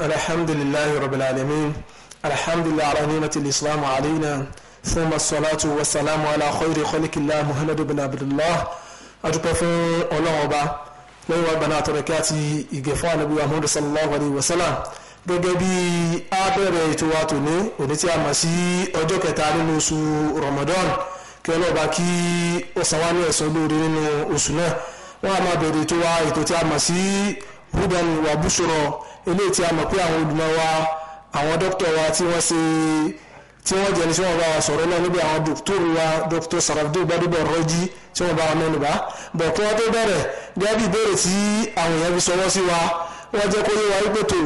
الحمد لله رب العالمين الحمد لله على نعمة الإسلام علينا ثم الصلاة والسلام على خير خلق الله محمد بن عبد الله أدوبة في أولوبة lẹ́yìn wàá gbaná àtọ̀rẹ́ kí a ti ìgẹ̀fọ́ ànábì Muhammad sallallahu alayhi wa sallam gẹ́gẹ́ bí a bẹ̀rẹ̀ ètò wa tòní òní tí a mọ̀ sí ọjọ́ kẹta nínú oṣù Ramadan kí ọlọ́ọ̀bá kí ó san wá ní ẹ̀san lóore nínú oṣù náà wọ́n á máa bẹ̀rẹ̀ ètò wa ètò tí a mọ̀ sí hudan wa bushra eléyìí tí a mọ̀ pé àwọn olùmọ̀ wa àwọn dókítà wa tí wọ́n ṣe tí wọ́n jẹ́ni tí wọ́n bá wa sọ̀rọ̀ náà níbi àwọn dókítà wa dókítà Sàràfídé Gbádébọ̀ Rọ́jí tí wọ́n bá wa mẹ́nu bá bọ̀ kí wọ́n tó bẹ̀rẹ̀ gẹ́gẹ́ ìbéèrè tí àwọn èèyàn fi sọwọ́ sí wa wọ́n jẹ́ kó wa wípé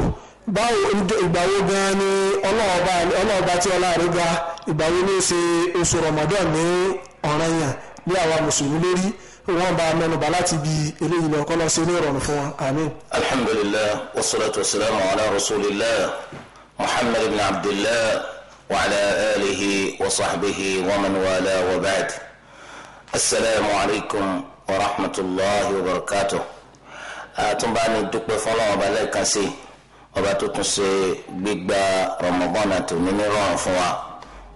báwo ìgbàwo gan ni ọlọ́ọ̀ba tí ọlá ga ìgbàwo ní ṣe oṣù Ramadan ní ọ̀ranyàn ní àwa mùsùlùmí lórí wọ́n bá mẹ́nubà láti bí eléyìí lọ kọ́lọ́ sí ní ìrọ̀rùn fún wa àmín. alhamdulilah wasalaatu wasalaamu ala rasulillah muhammad ibn abdillah wa ala alihi wa sahbihi wa man wala wa ba'd asalaamu alaykum wa rahmatulahi wa barakatuh. àtúnbá ni dúpẹ́ fọlọ́wọ́n ọba lẹ́ẹ̀kan sí ọba tó tún ṣe gbígba rọmọbọ́nà tó ní nírọ̀rùn fún wa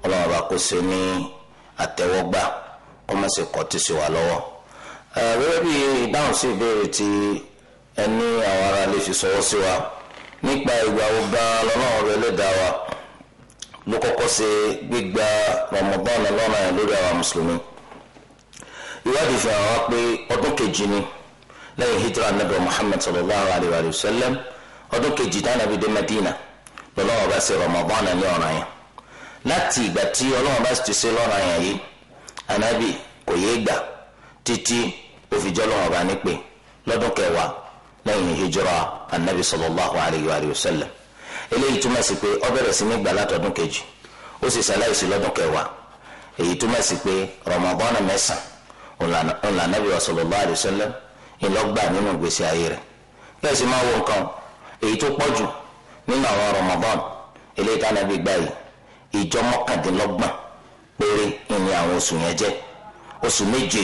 ọlọ́wọ́n ọba kò ṣe ní àtẹ́wọ́gbà kọ́mọ̀sí kọ́ tó ṣe wà lọ́wọ́ gẹ́gẹ́ bí ìdáhùn sí ìbéèrè tí ẹni àwọn ará lè fi sọwọ́ sí wa nípa ìgbà wo gan lọ́nà ọ̀rẹ́ lè dá wa ló kọ́kọ́ ṣe gbígba Ramadan lọ́nà ẹ̀ lórí àwọn mùsùlùmí ìwádìí fi hàn wá pé ọdún kejì ni lẹ́yìn hijra anabi Muhammad sallallahu alayhi wa sallam ọdún kejì dánàbí dé Madina lọ́nà ọba ṣe Ramadan ní ọ̀ràn yẹn láti ìgbà tí Ọlọ́run bá ti ṣe lọ́ràn yẹn yìí anabi kò yéé gbà títí ó fi jọ́ lọ́wọ́ ọba nípè lọ́dún kẹwàá lẹ́yìn hijira anabi sallallahu alayhi wa sallam eléyìí túmọ̀ sí pé ó bẹ̀rẹ̀ sí ní gbà látọdún kejì ó sì ṣaláìsí lọ́dún kẹwàá èyí túmọ̀ sí pé Ramadan mẹ́sàn-án ọ̀là anabi sallallahu alayhi wa sallam ìlọ́gbà nínú ìgbésí ayé rẹ̀ bẹ́ẹ̀ sì máa wọ nǹkan èyí tó pọ̀ jù nínú àwọn Ramadan eléyìí tá anabi gbà yìí ìjọ mọ́kàndínlọ́gbọ̀n péré ìní àwọn oṣù yẹn jẹ́ oṣù méje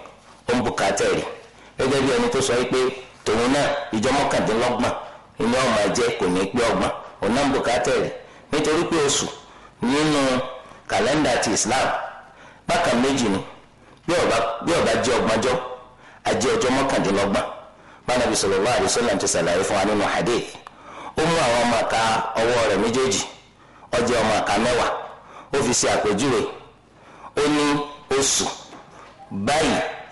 ó ń bùkátà ẹ̀rí gẹ́gẹ́ bí ẹni tó sọ pé tòun náà ìjọ mọ́kàndínlọ́gbọ̀n ilé ọmọ ẹ̀jẹ̀ kò ní pé ọgbọ̀n òun náà ń bùkátà ẹ̀rí nítorí pé oṣù nínú kàlẹ́ndà ti Islam bákan méjì ni bí ọba jẹ́ ọgbọ̀njọ́ ajé ọjọ́ mọ́kàndínlọ́gbọ̀n ti fún wa nínú ó mú àwọn ọmọ ọwọ́ rẹ̀ méjèèjì ọmọ mẹ́wàá ó fi ṣe àpèjúwe ó ní oṣù báyìí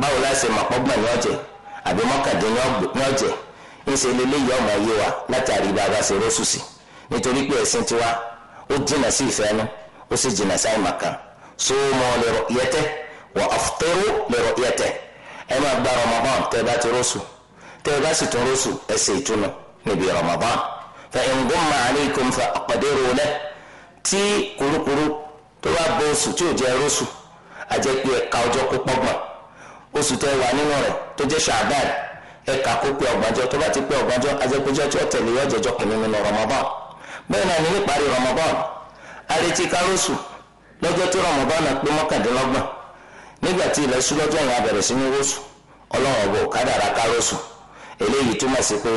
báwo la ṣe ní ọ̀jẹ̀ àbí mọ́kàndínlọ́gbọ̀n ní ọ̀jẹ̀ ńṣe lélẹ́yìí ọmọ ayé wa látàrí bàbá ṣe rọ́ṣù n'itori nítorí pé ẹ̀sìn tiwa ó jìnà sí ìfẹ́ nu ó sì jìnà sí àìmọ̀kan sóòmọ́ lẹ́rọ yẹtẹ́ wà ọ̀fọ́tẹ́rù lẹ́rọ yẹtẹ́ ẹ máa gba Ramadan tẹ́ bá ti rọ́ṣù tẹ́ bá sì tún rọ́ṣù ìtúnu níbi tí kurukuru tó bá tí ò jẹ́ rọ́ṣù ẹ̀ka ọjọ́ oṣù tẹ wà nínú rẹ̀ tó jẹ́ ṣàdáàdì ẹ̀ka kó pé ọgbàjọ́ tó bá ti pé ọgbàjọ́ ajẹ́pẹ́jọ́ tí ó tẹ̀lé yọ jẹjọ́ nínú Ramadan bẹ́ẹ̀ náà ní níparí Ramadan arètí kárọ́sù lọ́jọ́ tí Ramadan náà pé nígbà tí ilẹ̀ yẹn abẹ̀rẹ̀ sí ní ọlọ́run kádàrá eléyìí túmọ̀ sí pé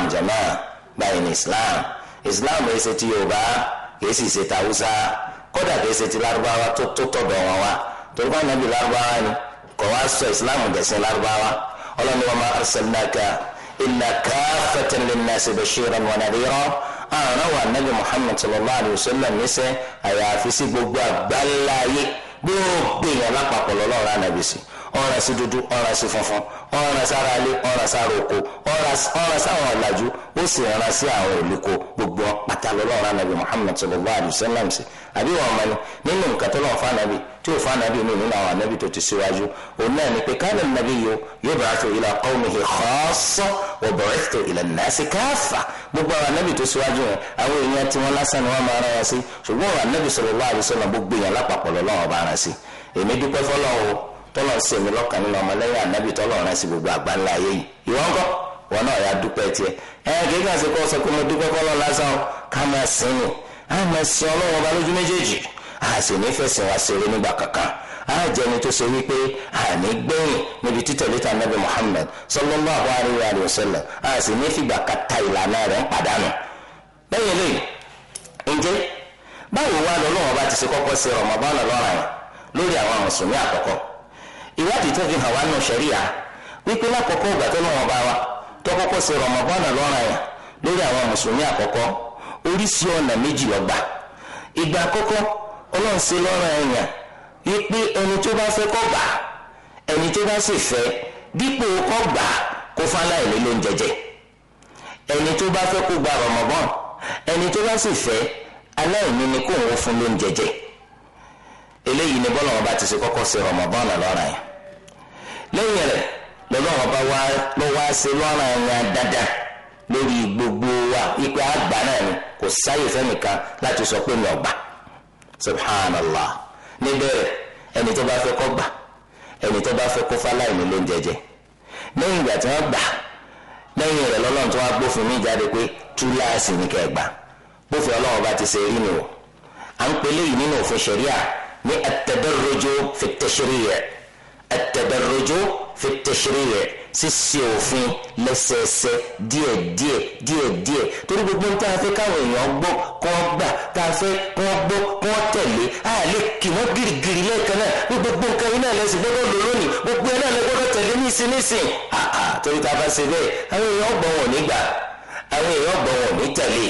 náà Islam Islam kìí sì ṣe ta haúsá kódà kìí ṣe ti lárúbáwá tó tó tọ̀dọ̀ wọn wá torí wọn nàbí lárúbáwá ni kò wá sọ ìsìláàmù dẹ̀sìn lárúbáwá ọlọ́ni wọn máa arsalnaka illa kaffatan linnasi bashiran wa nadhira àrùn wa nàbí muhammad sallallahu alayhi wa sallam níṣẹ́ àyàfi sí gbogbo àgbáńlá ayé gbogbo èèyàn lápapọ̀ lọ́lọ́run ànàbì ọ̀ràn sí dúdú ọ̀ràn sí funfun ọ̀ràn sára ilé ọ̀ràn sára oko ọ̀ràn sáwọn ọ̀làjú ó sì rán sí àwọn ìlúkọ gbogbo pátá lọ́lọ́run anabi muhammed sallallahu alayhi wa sallam sí àbí wọn mọ ni nínú nǹkan tó lọ́wọ́ fanabi tí ò fanabi mi nínú àwọn anabi tó ti síwájú òun náà ni pé káàní nàbí yìí yub'athu ila qawmihi khassa wa bu'ithtu ila an-nasi kaffa gbogbo àwọn anabi tó síwájú yẹn àwọn èèyàn tí wọ́n lásán ni wọ́n máa rán wọn sí ṣùgbọ́n àwọn anabi sallallahu alayhi gbogbo èèyàn lápapọ̀ lọ́wọ́ bá rán sí èmi dúpẹ́ fọlọ́wọ́ tọ́lọ̀ ń sèmi lọ́kàn nínú ọmọlẹ́yìn ànábì tọ́lọ̀ rẹ̀ sí gbogbo àgbáńlá ayé yìí ìwọ ńkọ́ wọn náà yà dúpẹ́ tiẹ̀ ẹ kì í kàn sí kó sọ pé mo dúpẹ́ kọ́ lọ lásán o ká máa sìn yìn á máa sin ọlọ́wọ́ ọba lójú méjèèjì á sì ní fẹ̀sìn wá ṣeré nígbà kankan á jẹni tó ṣe wípé àní gbẹ̀yìn níbi títẹ̀lé ta nabi Muhammad sallallahu alayhi wa ìwádìí tó fi hàn wá nù ṣẹ̀ríà wípé lákòókò ìgbà tó lọ́wọ́ bá wa tó kọ́kọ́ rọmọbọ́nà lórí àwọn mùsùlùmí àkọ́kọ́ oríṣi ọ̀nà méjì ọgbà ìgbà àkọ́kọ́ ọlọ́run ṣe wípé ẹni tó bá fẹ́ gbà ẹni tó bá sì fẹ́ dípò gbà kó ló ń jẹjẹ ẹni eléyìí ni bọ́lá ọba ti ṣe kọ́kọ́ ṣe Ramadan lọ́ràn yẹn lẹ́yìn rẹ̀ lọ́lọ́ ọba ló wá ṣe lọ́ràn yẹn dáadáa lórí gbogbo wa ipe àgbà náà ni kò sáyè fẹ́nìkan láti sọ pé mi subhanallah ẹni tó bá fẹ́ gbà ẹni tó bá fẹ́ kó ló ń jẹjẹ lẹ́yìn ìgbà tí wọ́n gbà lẹ́yìn rẹ̀ lọ́lọ́run tó wá mi jáde pé túláàsì kẹ́ gbà yìí ní at-tadarruj fi at-tashri' at-tadarruj fi at-tashri' ṣíṣe òfin lẹ́sẹẹsẹ díẹ̀ díẹ̀ díẹ̀ díẹ̀ torí gbogbo ń tá a fẹ́ káwọn èèyàn gbọ́ kó wọ́n gbà tá a fẹ́ kó wọ́n gbọ́ kó wọ́n tẹ̀lé a lè kì wọ́n girigiri lẹ́ẹ̀kan náà bí gbogbo nǹkan iná lẹ́sìn gbọ́dọ̀ lò lónìí gbogbo iná lẹ́ gbọ́dọ̀ tẹ̀lé nísìn nísìn torí tá bá ṣe bẹ́ẹ̀ àwọn èèyàn gbọ́ wọn nígbà àwọn èèyàn gbọ́ wọn ní torí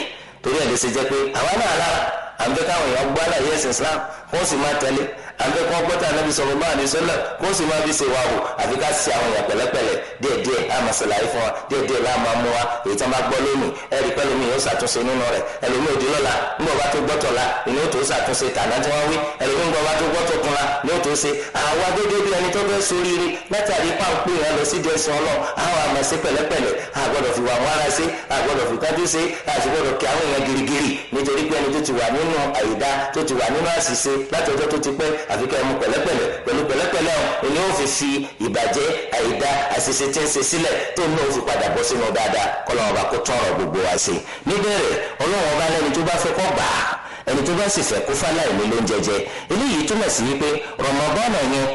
ẹ̀ lè ṣe jẹ́ pé àwa náà lára àbíkẹ́ káwọn èèyàn gbọ́ àlàyé ẹ̀sìn Islam wọ́n sì máa tẹ̀lé àgbẹ̀kọ́ gbọ́tà nàbì sọ̀rọ̀ máa ní sọ́lá kó sì máa fi ṣe wa o àfi ká ṣe àwọn èèyàn pẹ̀lẹ́pẹ̀lẹ́ díẹ̀díẹ̀ á máa ṣàlàyé fún wa díẹ̀díẹ̀ lá máa mú wa èyí tó máa gbọ́ lónìí ẹ̀rí pẹ́lúmi yóò ṣàtúnṣe nínú rẹ̀ ẹlòmí òdi lọ́la ńgbọ́ bá tó gbọ́tọ̀ la ni ó tó ṣàtúnṣe tàná tí wọ́n wí ẹlòmí ńgbọ́ bá tó gbọ́tọ̀ kun la ni ó tó ṣe àwa gẹ́gẹ́ bí ẹni tó fẹ́ sóríire látàrí pàǹpé yẹn lọ sí díẹ̀ sàn lọ àwọn àmọ̀ sí pẹ̀lẹ́pẹ̀lẹ́ àgbọ̀dọ̀ fi wà wọ́n ara sí àgbọ̀dọ̀ fi kájú sí àṣìgbọ̀dọ̀ kí àwọn èèyàn girigiri nítorí pé ẹni tó ti wà nínú àyídá tó ti wà nínú àṣìṣe látọjọ́ tó ti pẹ́ àfi kẹ́ ẹ mú pẹ̀lẹ́pẹ̀lẹ́ pẹ̀lú pẹ̀lẹ́pẹ̀lẹ́ o ni ó fi fi ìbàjẹ́ àìda àṣìṣe tí ń ṣe sílẹ̀ tó ní ó fi padà bọ́ sínú dáadáa kọ́lọ́wọ́ bá kó tọrọ gbogbo wa sí i níbẹ̀rẹ̀ ọlọ́wọ́ bá lẹ́ni tó bá fẹ́ kọ́ gbà á ẹni tó bá sì fẹ́ kó fáláìní ló ń jẹjẹ eléyìí túmọ̀ sí wípé rọmọbọ́nà yẹn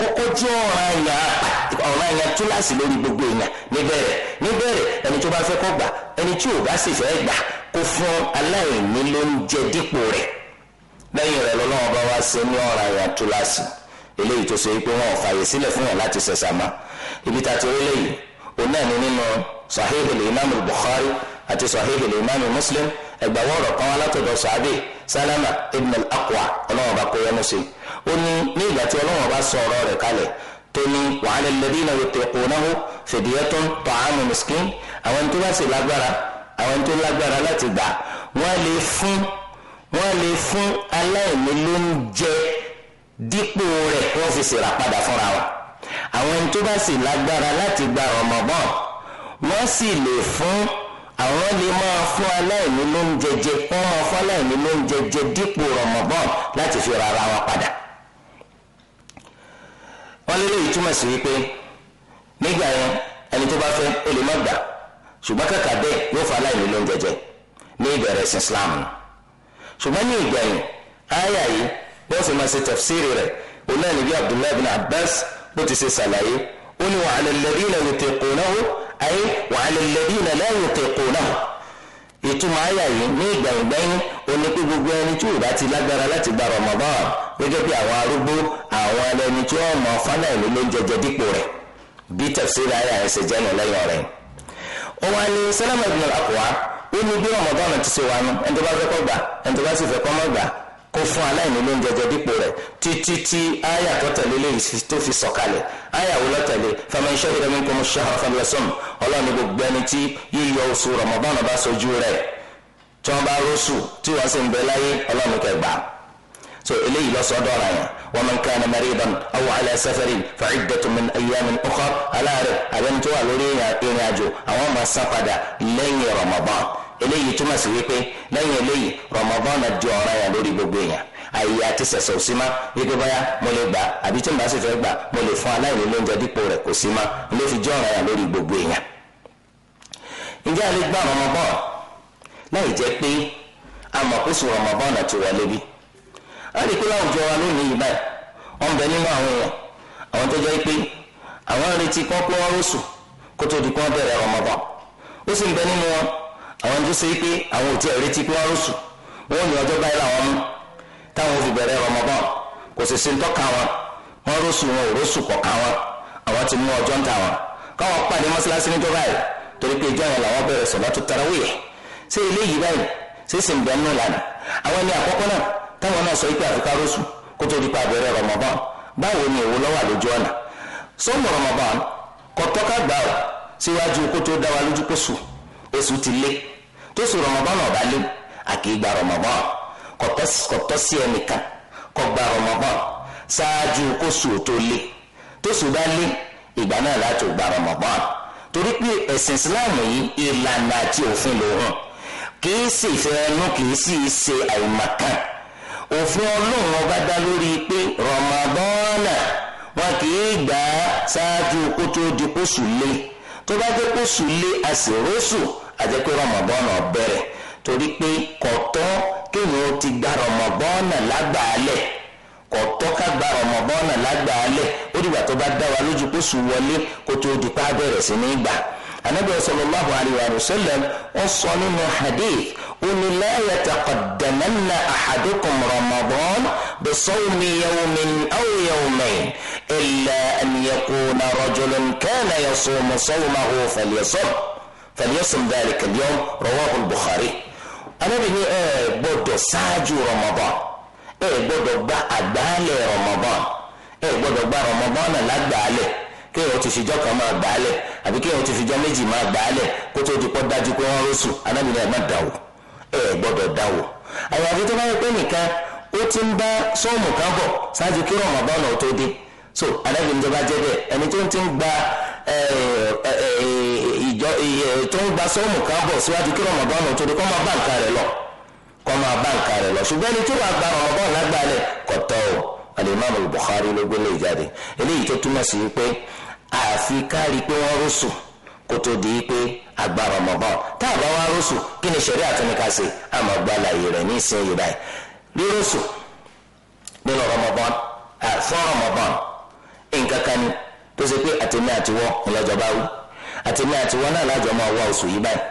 kọ́kọ́ jẹ́ ọ̀ràn yẹn túláàsì lórí gbogbo èèyàn níbẹ̀rẹ̀ níbẹ̀rẹ̀ ẹni tó bá fẹ́ kọ́ gbà ẹni tí ò bá sì fẹ́ gbà kó fún aláìní ló ń jẹ dípò rẹ̀ lẹ́yìn rẹ̀ lọ́lọ́wọ́ bá wá sí ní ọ̀ràn àyàn túláàsì eléyìí tó ṣe é pé wọn ò fààyè sílẹ̀ fún yàn láti ṣẹ̀ṣà má ibi tá a ti rí léyìí òun náà ni nínú sahihil imaamu bukhari àti sahihil imaamu muslim ẹgbàwọ́ ọ̀rọ̀ kan alátọ̀dọ̀ sàbẹ̀ sálámà ibn al-aqwa ọlọ́wọ́ bá kó yẹnu sí i ó ní ní ìgbà tí ọlọ́wọ́ bá sọ ọ̀rọ̀ rẹ̀ kalẹ̀ tó ní wa 'ala alladhina yutiqunahu fidyatun ta'amu miskin àwọn tó bá sì lágbára àwọn tó lágbára láti gbà wọ́n lè fún wọ́n lè fún aláìní ló ń jẹ dípò rẹ̀ wọ́n fi ṣèrà padà fúnra wọn àwọn ẹni tó bá sì lágbára láti gba Ramadan wọ́n sì lè fún àwọn lè máa fún aláìní ló ń jẹjẹ wọ́n máa fún aláìní ló ń jẹjẹ dípò Ramadan láti fi ra ara wọn padà wọ́n lé léyìí túmọ̀ sí wípé nígbà yẹn ẹni tó bá fẹ́ ó lè má gbà ṣùgbọ́n kàkà bẹ́ẹ̀ yóò fún aláìní ló ń jẹjẹ ní ìbẹ̀rẹ̀ sí Islam náà ṣùgbọ́n ní ìgbẹ̀yìn àyà yìí bí wọ́n sì máa ṣe tafsiri rẹ̀ òun náà ní bí abdullahi bin abbas bó ti ṣe ṣàlàyé ó ní wa ala alladhina yutiqunahu ay wa ala alladhina la yutiqunahu ìtumọ̀ àyà yìí ní ìgbẹ̀yìn gbẹ̀yìn ó ní pé gbogbo ẹni tí ò bá ti lágbára láti gba Ramadan gẹ́gẹ́ bí àwọn arúgbó àwọn ẹlẹ́ni tí wọ́n mọ fánà ìlú ló ó ní bí ọmọdọ́nà ti ṣe wà nù ẹni tó bá fẹ́ kọ́ gbà ẹni tó bá sì fẹ́ kọ́ mọ́ gbà kó fún aláìní ló ń jẹjẹ dípò rẹ̀ títí tí àyà tó tẹ̀lé léyìí tó fi sọ̀kalẹ̀ àyà wò lọ́tẹ̀lé faman shahida minkum ash-shahra falyasum ọlọ́run ní gbogbo ẹni tí yíyọ oṣù Ramadan bá sojú rẹ̀ tí wọ́n bá rọ́ṣù tí wọ́n sì ń bẹ láyé ọlọ́run kẹgbà so eléyìí lọ́sọ̀dọ̀ ọ̀ràn yẹn ومن كان مريضا أو على سفر فعدة من أيام أخرى على رأي أبنتو ألوري ينعجو أو ما سفد لين رمضان eléyìí túmọ̀ sí wípé lẹ́yìn eléyìí rọmọbọ́nà di dị yẹn lórí gbogbo èèyàn àyè àti sẹ̀sẹ̀ òsì ma wípé báyà mo lè gbà àbí tí n bá sì fẹ́ gbà mo lè fún aláìní lóúnjẹ dípò rẹ̀ kò sí ló fi jẹ́ ọ̀ràn yẹn lórí gbogbo èèyàn. ǹjẹ́ àlè rọmọbọ́n láì jẹ́ pé rọmọbọ́n a lè pé láwùjọ wa lónìí yìí báyìí wọ́n bẹ nínú àwọn èèyàn àwọn tó jẹ́ pé àwọn retí rọ́ọ̀sù kó tó di rọmọbọ́n ó sì ń bẹ nínú wọn àwọn tó ṣe pé àwọn ò tí ẹ retí pé wọn rọṣù wọn ò ní ọjọ́ báyìí làwọn mú táwọn fi bẹ̀rẹ̀ rọmọbọ kò sì sí ń tọ́ka wọn wọn rọṣù wọn ò rọṣù kọka wọn àwọn ti mú ọjọ́ ń ta wọn káwọn pàdé mọ́ṣáláṣí ní jọba yìí torí pé ìjọ yẹn làwọn bẹ̀rẹ̀ sọlá tó tarawih ṣé ilé yìí báyìí ṣé sì ń bẹ nínú ìlànà àwọn ẹni àkọ́kọ́ náà táwọn náà sọ pé àfikà rọṣù kó tó di pa bẹ̀rẹ̀ rọmọbọ báwo ni èwo lọ́wọ́ ti lé tó sì Ramadan náà bá lé àkìgbà Ramadan kọ̀tọ́ sí ẹnìkan kó gba Ramadan ṣáájú kó sùn tó lé tó sùn bá lé ìgbà náà láti gba Ramadan torí pé ẹ̀sìn Islam yìí ìlànà àti òfin ló hàn kìí sì fẹ́ ẹnu kìí sì ṣe àìmọ̀kan òfin ọlọ́run ọba dá lórí pé Ramadan wọn kìí gbà á ṣáájú kó tó di kóṣù lé tó bá dé kóṣù lé àṣìrósù àjẹ́ pé rọmọbọ́ọ̀nù ọ̀bẹ̀rẹ̀ torí pé kọ̀tọ́ kéèyàn ó ti gba rọmọbọ́ọ̀nù lágbàálẹ̀ kọ̀tọ́ ká gba rọmọbọ́ọ̀nù lágbàálẹ̀ ó dìgbà tó bá dá wa lójú kó sùn wọlé kó tó di pa bẹ̀rẹ̀ sí ní gbà anabi sallallahu alayhi wa sallam ó sọ nínú hadith ó ní la yataqaddamanna ahadukum ramadan bisawmi yawmin aw yawmayn illa an yakuna rajulun kana فليصم ذلك اليوم رواه البخاري أنا بني إيه بدو ساجو رمضان إيه بدو با أدالي رمضان إيه بدو با رمضان لا أدالي kéèyàn ti fìjọ kan máa gbà á lẹ̀ àbí kéèyàn ti fìjọ méjì máa gbà á lẹ̀ kó tó di pọ́ dájú pé wọ́n rọ́ọ̀sù anábìrin ẹ̀ má dà wò ẹ̀ gbọ́dọ̀ dà wò. àyàfi tó bá yẹ pé nìkan ó ti ń bá sọ́ọ̀mù kan bọ̀ ṣáájú kí Ramadan náà tó dé so anábìrin tó bá jẹ́ bẹ́ẹ̀ ẹni tó ń ti ń gba tó ń gba sọ́ọ̀mù ká bọ̀ síwájú kí rọmọbọ́ọ̀nù tó di kọ́ máa bá nǹkan rẹ̀ lọ kọ́ máa bá nǹkan rẹ̀ lọ ṣùgbọ́n ẹni tó wàá gba rọmọbọ́ọ̀nù lágbàálẹ̀ kò tọ́ o alimami Bukhari ló gbélé ìjáde eléyìí tó túmọ̀ sí pé àfi kárí pé wọ́n rúṣù kó tó di pé àgbà rọmọbọ́ọ̀nù tá a bá wá rúṣù kí ni ṣẹ̀rí àtúnikàṣe àmọ́ gbàlàyé àtẹ̀lé àti wọn náà lájọ máa wá oṣù yìí báyìí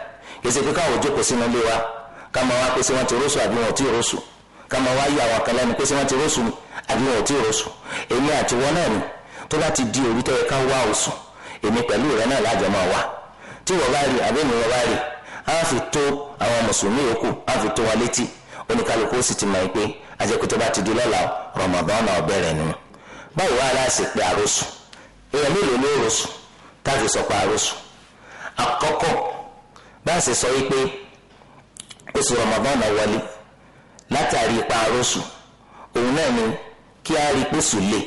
èsì pé káwọn jókòó sínú ilé wa ká máa wá pé sí wọn ti róṣù àbí wọn ò tí ì róṣù ká máa wá yí àwọn kan lẹ́nu pé sí wọn ti róṣù ni àbí wọn ò tí ì róṣù èmi àti wọn náà ni tó bá ti di òru tó yẹ ká wá oṣù èmi pẹ̀lú rẹ náà lájọ máa wá tí wọ́n bá rí àbí mi wọ́n bá rí á fi tó àwọn mùsùlùmí yòókù á fi tó wọn létí oníkálukú sì ti mọ̀ pé àjẹkù tó bá ti di lọ́la Ramadan náà bẹ̀rẹ̀ nù báwo wá aláṣẹ pé àròsùn èèyàn mélòó ló rọ̀sùn táfi sọ pé àròsùn àkọ́kọ́ bá a sì sọ wípé oṣù Ramadan wọlé látàrí ipa àròsùn òun náà ni kí a rí pèsè lé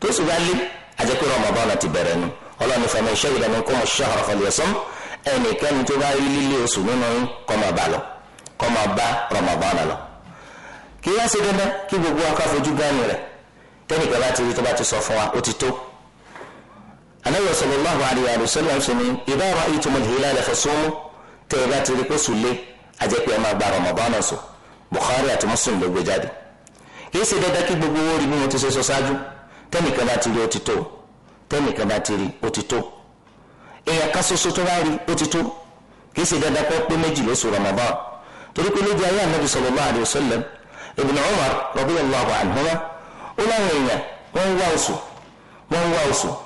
tó sì bá lé àjẹpẹ́ Ramadan ti bẹ̀rẹ̀ nu ọlọ́ni fẹ̀mẹ́ iṣẹ́ ìdáná kọ́ shahra falyasum ẹnikẹ́ni tó bá rí lílé oṣù nínú yín kọ́ máa bá lọ kọ́ máa bá Ramadan lọ kí wá sí dandan kí gbogbo akáfojú gánì rẹ̀ tẹ́nìkan bá ti rí tó bá ti sọ fún wa ó ti tó anáwó sallallahu alayhi wa sallam ṣe ni idha ra'aytumul hilala fasumu tẹ ẹ bá ti rí pé sùlé ajẹpẹ ẹ máa gba Ramadan sùn Bukhari àti Muslim ló gbé jáde kì í ṣe dandan gbogbo owó rí bí mo ti ṣe sọ ṣáájú tẹnìkan bá ti rí ó ti tó tẹnìkan bá ti rí ó ti tó èèyàn kan ṣoṣo tó bá rí ó ti tó kì í ṣe dandan kó pé sallallahu alayhi wa sallam Ibn Umar radiyallahu anhuma ó láwọn èèyàn wá oṣù wọ́n wá oṣù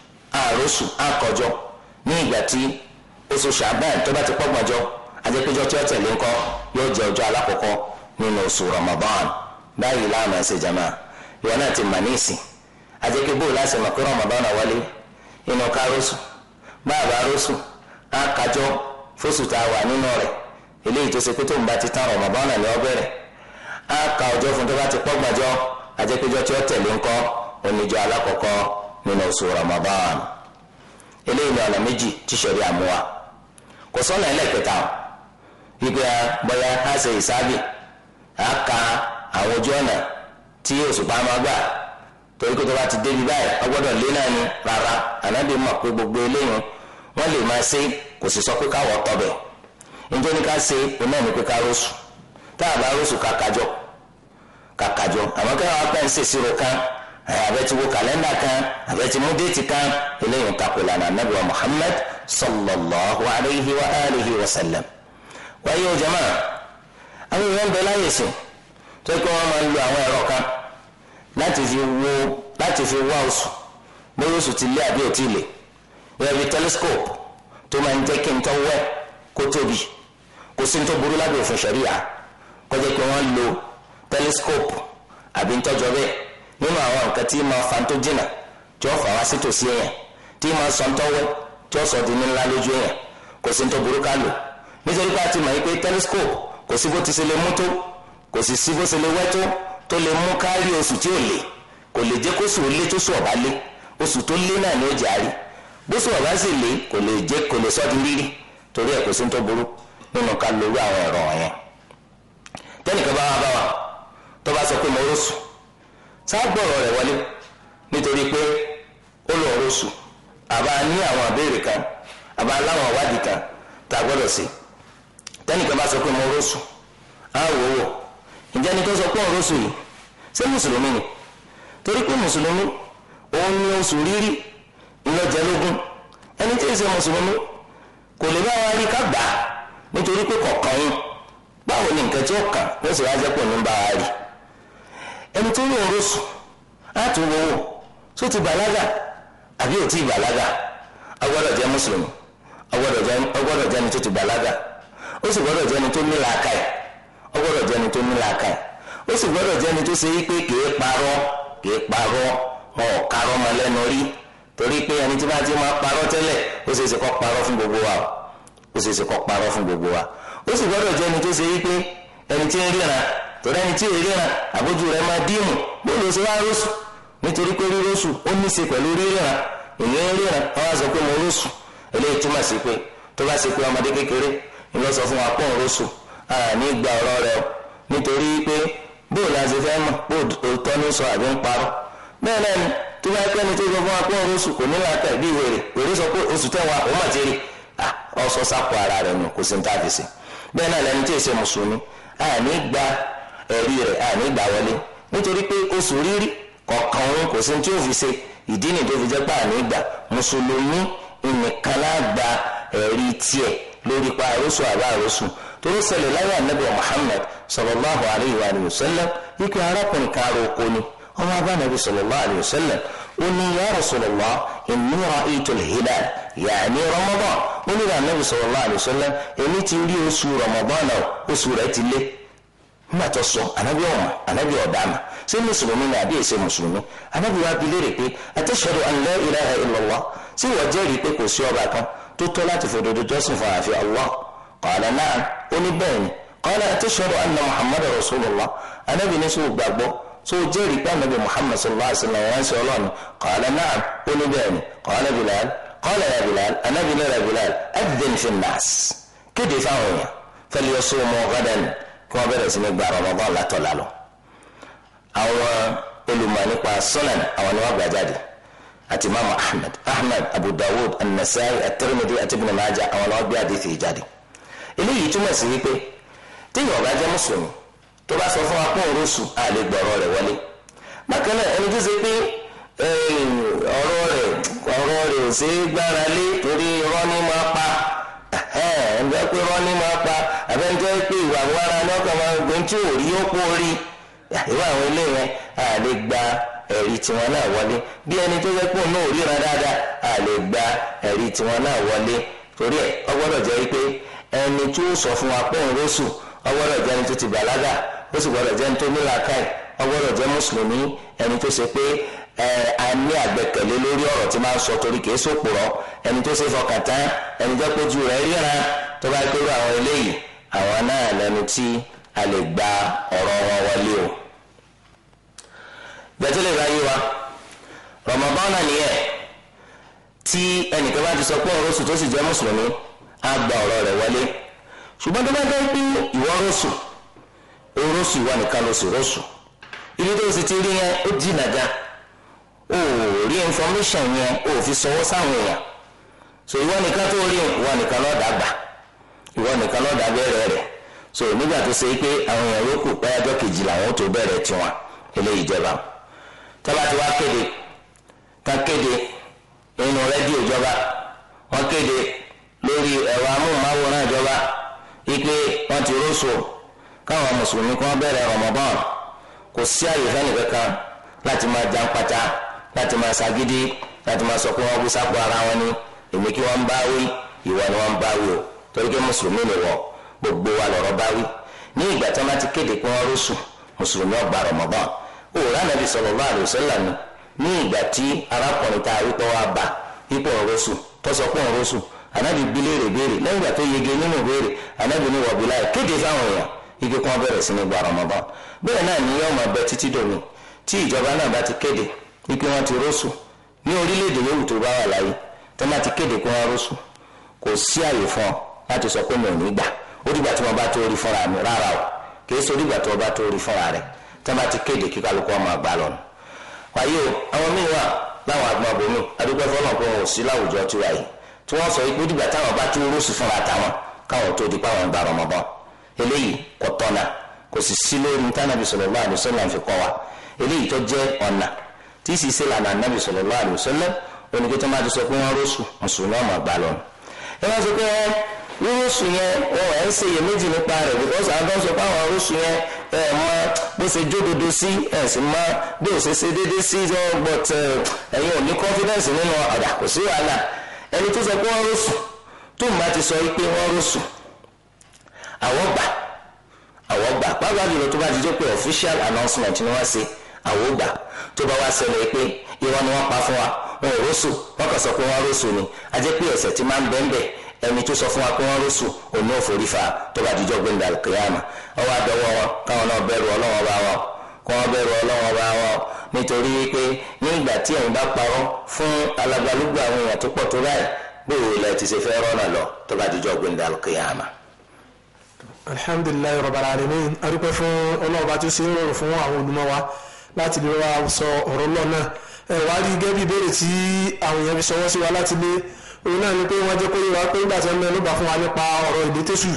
àròsù àkọjọ ní ìgbà tí oṣù ṣàbẹ́ẹ̀ tó bá ti pọ́gbọ̀njọ ajẹ́pẹ́jọ tí ó tẹ̀lé ńkọ́ yóò jẹ́ ọjọ́ alákọ̀ọ́kọ́ nínú oṣù Ramadan báyìí láàmú jama ìwọ náà ti mà ní ìsìn a wà nínú rẹ̀ eléyìí tó ṣe pé tó ń bá ti tán Ramadan fún tó bá ti tí ó nínú oṣù Ramadan eléyìí ni ọ̀nà méjì tí sẹ́rí àmúwa kò sọ́nà ẹlẹ́kẹta o wípé bóyá a ṣe ìsáàbì a ka àwọn ojú ọ̀nà tí òṣùpá máa gbà torí kó tó bá ti débi báyìí gbọ́dọ̀ lé náà ni rárá ànábì mọ̀ pé gbogbo eléyìí wọ́n lè máa ṣe kò sì sọ pé tọbẹ̀ ká ṣe oná ní pé ká rọ́ṣù abẹ́ ti wo kàlẹ́ndà kan abẹ́ ti mú déètì kan eléyìí takò lànà anabi wa muhammad sallallahu alayhi wa alihi wa sallam. wáyé o jama àwọn èèyàn ń bẹ láyè sùn tó kí wọ́n máa ń lo àwọn ẹ̀rọ kan láti fi wo láti fi wá oṣù bóyá oṣù ti lé àbí òtí lè wọ́n fi telescope tó máa ń jẹ́ kí n tọ́ wẹ́ kó tóbi kò sí ní tó burú lábẹ́ òfin ṣẹ̀ríà kọjá pé wọ́n lo telescope àbí ń tọ́jọ́ bẹ́ẹ̀ nínú àwọn nǹkan tí máa fa tó jìnnà tí ó fà wá sí tòsí èèyàn tí máa sọ ń tọ́wọ́ tí ó sọ di ní ńlá lójú èèyàn kò sí ń tó burú ká lò nítorí pé a ti mọ̀ yìí pé telescope kò sí bó ti ṣe lè mú tó kò sì sí bó ṣe lè wẹ́ tó tó lè mú kárí oṣù tí ò lè kò lè jẹ́ kóṣù lé tó sùn ọ̀bá lé oṣù tó lé náà ni ó jẹ́ àárí bóṣù ọ̀bá sì lé kò lè jẹ́ kò lè sọ́ di rírí torí ẹ̀ kò sí ń tó burú nínú ká lórí àwọn ẹ̀rọ wọ̀nyẹn tẹ́nìkan bá wá bá wa tó bá sọ pé mo rò sùn sáàgbọ̀rọ̀ rẹ̀ wọlé nítorí pé ó lọ rọ́ọ̀sù àbá ní àwọn àbéèrè kan àbá láwọn ìwádìí kan tá a gbọ́dọ̀ sí tẹ́nìkan bá sọ pé mo rọ́ọ̀sù á wò wò ǹjẹ́ ni tó sọ pé òun rọ́ọ̀sù yìí ṣé mùsùlùmí ni torí pé mùsùlùmí òun ni oṣù rírí ńlọjẹlógún ẹni tí ì ṣe mùsùlùmí kò lè bá wa rí ká gbà nítorí pé kọ̀ọ̀kan yín báwo ni nǹkan tí ó kàn ló sì wá jẹ́ pò ní bá a rí ẹni tó ní ọ̀rọ̀ sùn á tún tó ti bàlágà àbí ò tí ì bàlágà agbọ́dọ̀ jẹ́ mùsùlùmí ti bàlágà ó sì gbọ́dọ̀ jẹ́ ẹni tó ní jẹ́ ẹni tó ní ó sì gbọ́dọ̀ jẹ́ ẹni tó ṣe kìí parọ́ ti máa parọ́ tẹ́lẹ̀ ó gbogbo wa ó sì gbọ́dọ̀ jẹ́ ẹni tó ṣe ẹni torí ẹni tí èrè ràn àbójú rẹ̀ máa dìímù bóòlù ó ṣe wá rọ́ọ̀sù nítorí pé rírọ́ọ̀sù ó ní í ṣe pẹ̀lú ríran èèyàn ríran wọ́n á sọ pé mo rọ́ọ̀sù eléyìí túmọ̀ sí pé tó bá ṣe pé ọmọdé kékeré ìlú sọ fún wa pọ̀ ń rọ́ọ̀sù àní gba ọ̀rọ̀ rẹ̀ o nítorí pé bóòlù àti fẹ́ mọ̀ bóòlù òótọ́ ní sọ àbí ń parọ́ bẹ́ẹ̀ náà ni tó bá pẹ́ ni tó sọ fún wa pọ̀ ń rọ́ọ̀sù kò ní láta ìbí ìwèrè èrè sọ pé oṣù tẹ́wàá òun àti èrè ọ̀sọ̀ sápò ara rẹ̀ ẹ̀rí rẹ̀ àní ìgbà wọlé nítorí pé oṣù rírí kọ̀ọ̀kan òun kò sí tí ó fi ṣe ìdí ni tó fi jẹ́ pé àní ìgbà mùsùlùmí ìnìkan lágbà ẹ̀rí tiẹ̀ lórí pa àròsùn àbá àròsùn tó ń ṣẹlẹ̀ láyé ànábì Muhammad sallallahu alayhi wa sallam wípé arákùnrin kan ara oko ni ọmọ abánabi sallallahu alayhi wa sallam ó ní ya Rasulullah inni ra'aytu al-hilal ya'ni Ramadan ó èmi ti rí oṣù Ramadan náà oṣù rẹ̀ ti lé nígbà tó sọ anabi ọmọ anabi ọ̀daràn ṣé mùsùlùmí ni àbí èsè mùsùlùmí anabi wa bi léèrè pé atashhadu an la ilaha illallah ṣé ìwọ jẹ́rìí pé kò sí ọba kan tó tọ́ láti fòdodo jọ́sìn fún àfi Allah qala na'am ó ní bẹ́ẹ̀ ni qala atashhadu anna muhammadu rasulullah anabi ní sọ gbàgbọ́ so jẹ́rìí pé anabi muhammad sallallahu alaihi wa sallam ránṣẹ́ ọlọ́run qala na'am ó ní bẹ́ẹ̀ ni qala bilal qala ya bilal anabi ní ra bilal adhin fin kéde fáwọn èèyàn falyasumu kí wọ́n bẹ̀rẹ̀ sí ní gba Ramadan látọ̀la lọ àwọn olùmọ̀ nípa sunan àwọn ni wọ́n gbà jáde àti imaamu ahmed ahmed abu dawud anasai at-tirmidhi àti ibn majah àwọn ni wọ́n gbé àdìsí yìí jáde eléyìí túmọ̀ sí wípé téèyàn ọba jẹ́ mùsùlùmí tó bá sọ fún wa pé òru sùn á lè gbọ̀rọ̀ rẹ̀ wọlé bákan náà ẹni tó ṣe pé eh, ọ̀rọ̀ rẹ̀ ọ̀rọ̀ rẹ̀ ò ṣeé gbára lé torí irọ́ máa pa ǹjẹ́ pé wọ́n ní máa pa àbẹ́ńtẹ́ pé ìwà wára ní ọkàn máa gbé tí ò rí ó kó rí ìwà àwọn ilé yẹn a lè gba ẹ̀rí tiwọn náà wọlé bí ẹni tó yẹ pé náà ríra dáadáa a lè gba ẹ̀rí tiwọn náà wọlé torí ẹ̀ ó gbọ́dọ̀ jẹ́ pé ẹni ó sọ fún wa pé òun rọ́ṣù ó jẹ́ ẹni tó ti bàlágà ó sì gbọ́dọ̀ jẹ́ ẹni tó ní làákàyè ó jẹ́ mùsùlùmí ẹni tó ṣe pé a ní àgbẹ̀kẹ̀lé lórí ọ̀rọ̀ tí máa ń sọ torí kìí sòpòrọ̀ ẹni tó ṣe fọkàn tán ẹni jẹ́ pé ju rẹ̀ ríran tó bá àwọn eléyìí àwọn náà lẹnu tí a lè gba ọ̀rọ̀ wọn wọlé o. gbẹ̀tẹ́lẹ̀ bá yé wa Ramadan nìyẹn tí ẹnìkan bá ti sọ pé òun rọ́ọ̀sù tó sì jẹ́ mùsùlùmí á gba ọ̀rọ̀ rẹ̀ wọlé ṣùgbọ́n tó bá gbé pé ìwọ rọ́ọ̀sù òun ìwọ nìkan lọ́ọ̀sù rọ́ọ̀sù tó sì ti rí yẹn ó jìnnà o rí information yẹn o fi sọwọ́ sáwọn èèyàn so ìwọ nìkan tó rí ìwọ nìkan lọ́ọ̀dà gbà ìwọ nìkan lọ́ọ̀dà bẹ̀rẹ̀ rẹ̀ so nígbà tó ṣe pé àwọn èèyàn yòókù pẹ́yàjọ́ kejì làwọn tó bẹ̀rẹ̀ tiwọn eléyìí jẹba tọ́ba ti wá kéde kéde nínú rẹ́díò ìjọba wọ́n kéde lórí ẹ̀rọ amóhùnmáwòrán ìjọba wọ́n ti rọ́ṣọ̀ káwọn mùsùlùmí kan bẹ̀rẹ̀ kò sí àyè láti láti máa ṣàgídí láti máa sọ pé wọ́n bú sápò ara wọn ni èmi kí wọ́n bá wí ìwọ ni wọ́n bá wí o torí pé mùsùlùmí ni wọ́n gbogbo wa lọrọ bá wí ní ìgbà tí bá ti kéde pé wọ́n rúṣù mùsùlùmí ọgbà Ramadan òòrùn ànábì sallallahu alaihi wasallam ní ìgbà tí arákùnrin bí léèrè béèrè lẹ́yìn ìgbà tó yege nínú béèrè wípé wọn ti rọsù ní orílẹ̀-èdè yòówù tó bá wà láyé tó ti kéde pé wọ́n kò sí àyè fún ọ láti sọ pé mi ò ní gbà ó dìgbà tí mo bá tó rí fúnra mi rárá o kì í bá rí fúnra rẹ tó bá ti kéde kí kálukú ọmọ àgbà lọ. o àwọn míì wà láwọn adúgbò fọlọ́n sọ pé dìgbà táwọn bá fúnra táwọn tí sì ṣe lànà anabi sallallahu alaihi wasallam oníke tó máa ti sọ pé wọn rọṣù mùsùlùmí ọmọ àgbà lọ. ẹ wá sọ pé wọn rọṣù yẹn wọn ẹ ń ṣèyẹ méjì nípa rẹ̀ because àwọn tó ń sọ pé àwọn rọṣù yẹn ẹ mọ bó ṣe jódodo sí ẹ sì mọ bí ó ṣe ṣe déédéé sí but ẹ̀yin ò ní confidence nínú ọ̀dà kò sí wàhálà ẹni tó sọ pé wọn rọṣù tó ń bá ti sọ pé wọn rọṣù àwọn gbà àwọn gbà pàápàá jùlọ tó bá ti jẹ́ pé official announcement ni wọ́n ṣe àwọn tó bá wá ṣẹlẹ̀ pé irọ́ ni wọ́n pa fún wa wọn ò wọn kàn sọ pé wọ́n rọ́ṣù ni a pé ti máa ń bẹ́ńbẹ́ ẹni tó sọ fún wa pé wọ́n rọ́ṣù òun náà forí fa tó bá dijọ́ gbẹ̀ndà kìyàmà ọwọ́ àdọ́wọ́ wọn káwọn náà bẹ̀rù ọlọ́wọ́n bá wọn kọ́ wọn bẹ̀rù ọlọ́wọ́n bá wọn nítorí pé fún àwọn èèyàn tó pọ̀ tó bóyá ilẹ̀ ti ṣe fẹ́ rọ́nà lọ alhamdulilayi fún láti lè wá sọ ọ̀rọ̀ náà náà ẹ wá rí gẹ́gẹ́ bí ìbéèrè tí àwọn èèyàn fi ṣọwọ́ sí wa láti lé òun náà ni pé wọ́n jẹ́ kó yé wa pé nígbà tí wọ́n mẹ́nu bà fún wa nípa ọ̀rọ̀ ìdẹ́tẹ̀sù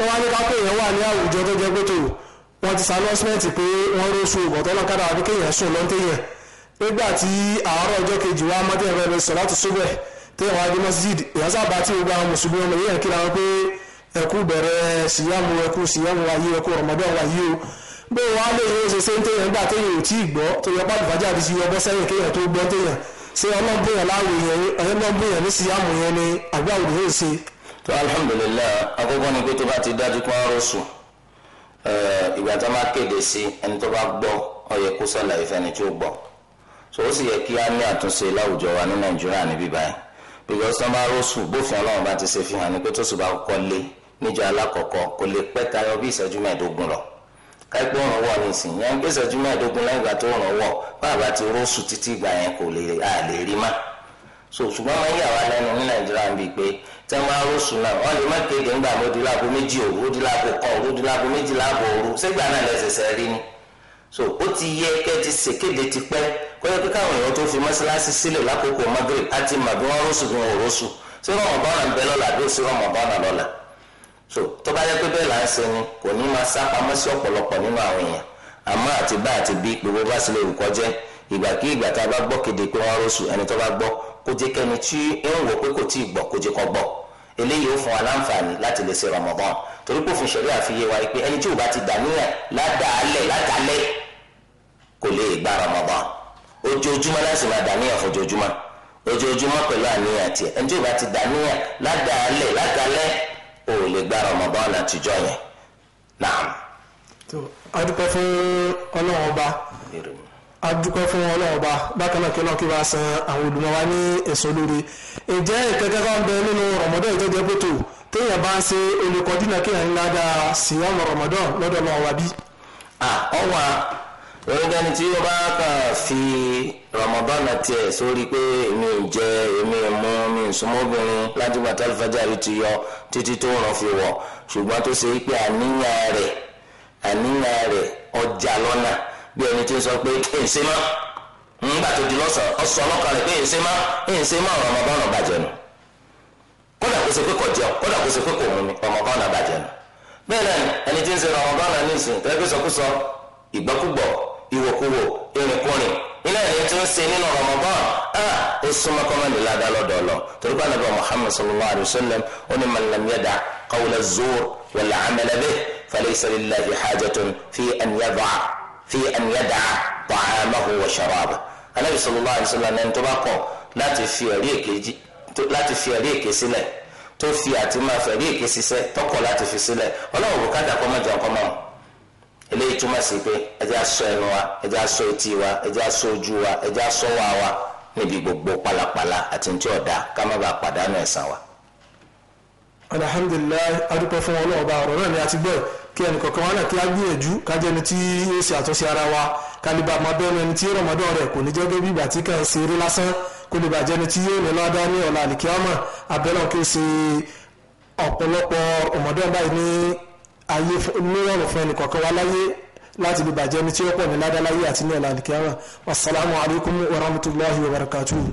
ẹ wá ní kápẹ́ èèyàn wà ní àwùjọ tó jẹ́ pẹ́tò wọ́n ti sanọ́símẹ́ǹtì pé wọ́n róṣù ọ̀gọ̀tọ́ náà kádà wípé èèyàn sùn lọ́ntẹ̀yàn nígbà tí àárọ̀ ọjọ́ kejì wa mọ́tẹ́ ẹ̀rọ ẹ̀rọ bó o wá lè yẹ oṣù ṣe ń téèyàn gbà téèyàn ò tí gbọ́ tó àti bọ́ sẹ́yìn kéèyàn tó gbọ́ téèyàn ṣé ọlọ́gbìyàn láwùjọ yẹn ọlọ́gbìyàn ní síyàmù yẹn ni àbí yóò ṣe. tó alhamdulilayi àkọ́kọ́ ni pé tó bá ti dájú pé wọn rọṣù eh, ìgbà tó kéde sí ẹni tó bá gbọ́ yẹ kó tó gbọ́ ó sì yẹ kí á ní àtúnṣe ti ṣe pé tó sì bá lé alákọ̀ọ́kọ́ kò lè kápẹ́ òrùn wọ̀ ní ìsìn yẹn gbèsè ọjọ́ mẹ́ẹ̀ẹ́dógún lẹ́yìn tó òrùn wọ̀ bàbá ti róṣù títí ìgbà yẹn kò lè rí so ṣùgbọ́n wọ́n ń yà wá lẹ́nu ní nàìjíríà ń bíi pé tẹ́ máa róṣù náà wọ́n lè má kéde ńgbà méjì òru kan òru òru náà lẹ́sẹ̀sẹ̀ rí ni so ó ti yẹ kẹ́ ti ṣèkéde ti pẹ́ kọ́jọ́ so tó bá yẹ pé bẹ́ẹ̀ là ń ṣe ni kò ní máa sá pamọ́ sí ọ̀pọ̀lọpọ̀ nínú àwọn èèyàn àmọ́ àti bá àti bí gbogbo bá sì lè rù kọjẹ́ ìgbà kí ìgbà tá a bá gbọ́ kéde pé wọ́n rọ́ṣù ẹni tó bá gbọ́ kó jẹ́ kẹ́ni tí ń wò pé kò tí ì gbọ́ kó jẹ́ kó gbọ́ eléyìí ó fún wa láǹfààní láti lè ṣe Ramadan torí pé òfin ṣẹ̀rí àfiyé wa pé ti dà níyàn ládàálẹ̀ ládàálẹ̀ kò lè ẹni tí ò bá ti dà níyàn ládàálẹ̀ ládàálẹ̀ o ò lè gba Ramadan àtijọ́ yẹn naam. tó a fún ọlọ́run ọba a dúpẹ́ fún ọlọ́run ọba bákan náà kí ọlọ́run kí wàá san àwọn olùmọ̀ ní ẹ̀sọ́ lórí ǹjẹ́ ìkẹ́kẹ́ kan bẹ nínú Ramadan bá ń ṣe olùkọ́ onígbàni tí ó bá kàn fi Ramadan tiẹ̀ sórí pé èmi ò jẹ èmi ò mú mi ò láti gbà tálífàjárì ti yọ títí tó ràn fi wọ̀ ṣùgbọ́n tó ọjà lọ́nà bí ẹni tí sọ pé mọ́ nígbà tó di lọ́sàn ọ̀sán rẹ̀ pé mọ́ mọ́ bàjẹ́ nù kódà kó ṣe pé kò kódà kó ṣe pé kò mú mi bàjẹ́ nù bẹ́ẹ̀ ìwòkuwò ìrìnkúrìn ilé ẹ̀rẹ́ tí ń ṣe nínú Ramadan ah ó súnmọ́ kọ́mọ́ndì ládàá lọ́dọ̀ lọ torí pé ànábì Muhammad sallallahu alayhi wa sallam ó ní man lam yada' qawla az-zur wal 'amala bihi falaysa lillahi hajatun fi an yada'a fi an yada'a ta'amahu wa sharabahu ànábì sallallahu alayhi wa sallam ẹni tó bá kọ̀ láti fi ẹ̀rí èké sílẹ̀ tó fi àti máa fẹ̀rí èké sísẹ́ tọkọ̀ láti fi sílẹ̀ ọlọ́run bùkátà kọ́mọ́jọ́ kọ́mọ́ eléyìí túmọ̀ sí pé eji jẹ́ aṣọ ẹnu wa eji aṣọ wa eji aṣọ wa eji aṣọ wa wa níbi gbogbo palapala àti ntí ọ̀dà ká má bàa pàdánù wa. alhamdulilayi fún náà ni a ti gbọ́ kí ẹnìkọ̀ọ̀kan wa náà kí á gbìyànjú ká jẹ́ ẹni tí yóò ṣe àtúnṣe ara wa ká lè bá ẹni tí rọmọdún kò ní jẹ́ ọba ayé nírọ̀rùn fún ẹnìkọ̀ọ̀kan wa láyé láti lè bàjẹ́ ní tí ó pọ̀ ní ládáláyé àti ní ọ̀làǹkìyàmà wasalaamu wa rahmatulahi wa barakatuhu.